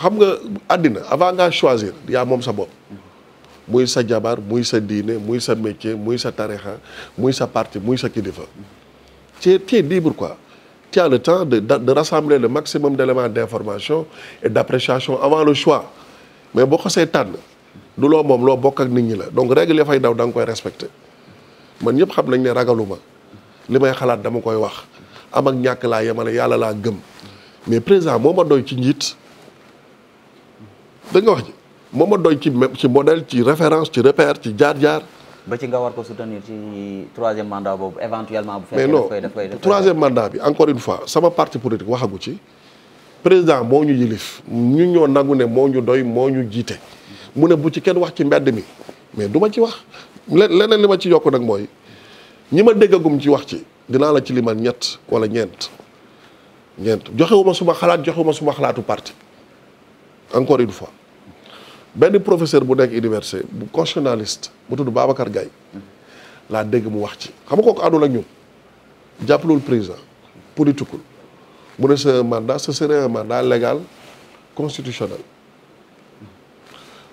xam nga adina avant ngaa choisir ya mom sa bopp muy sa jabar muy sa dine, muy sa métier muy sa tarixa muy sa parti muy sa kilifa tu es libre quoi tu as le temps de de rassembler le maximum d'éléments d'information et d'appréciation avant le choix mais boo xasee tànn du lo moom loo bokk ak nit ñi la donc règle ya fay daw dang koy respecté man ñep xam nañ ne ragaluma li may xalaat dama koy wax am ak ñak la yamale yalla la gëm mais président moma doy ci njiit da wax ji moo ma doy ci ci modèle ci référence ci repère ci jaar-jaar. ba ci nga war ko soutenir ci troisième mandat boobu éventuellement. bu fekkee daf koy daf troisième mandat bi encore une fois sama parti politique waxagu ci président moo ñu yilif ñu ñoo nangu ne moo ñu doy moo ñu jiite. mu ne bu ci kenn wax ci mbedd mi mais duma ci wax leneen li ma ci yokk nag mooy ñi ma déggagum ci wax ci dinaa la ci limal ñett wala ñeent ñeent joxewuma suma xalaat joxewuma suma xalaatu parti encore une fois. ben professeur bu nek université bu constitutionnaliste bu Babacar Gaye l'a dégg mu wax ci xam ko kooku ak ñun président politique mu ne c'est un mandat ce serait un mandat légal constitutionnel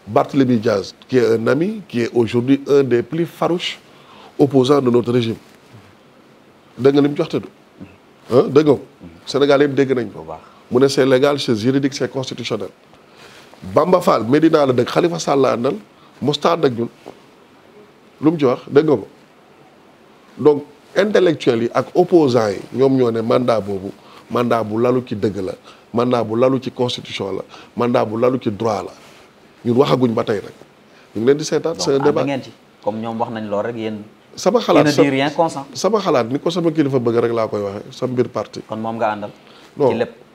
Barthélémy Diaz qui est un ami qui est aujourd'hui un des plus farouches opposants de notre régime dégg nga li mu jox te du ah dégg Sénégal dégg nañ mu c'est légal c'est juridique c'est constitutionnel Bamba Fall Medina la dëkk xalifa Sall la àndal mostaad ak ñun lu ci wax dëgg nga ko donc yi ak opposants yi ñoom ñoo ne mandat boobu mandat bu lalu ci dëgg la mandat bu lalu ci constitution la mandat bu lalu ci droit la ñun waxaguñ ba tey rek ñu ngi leen di seetaan c'est ñoom wax nañ lool rek yéen sama xalaat sama xalaat ni ko sama kilifa bëgg rek laa koy waxee sa mbir parti kon moom nga àndal ci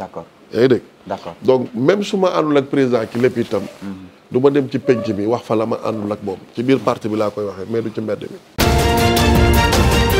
d'accord yaa ngi dégg donc même su ma àndul ak président ki lépp itam mhm. du ma dem ci penc bi wax fa la ma àndul ak boobu ci biir parti bi laa koy waxee mais du ci mbedd mi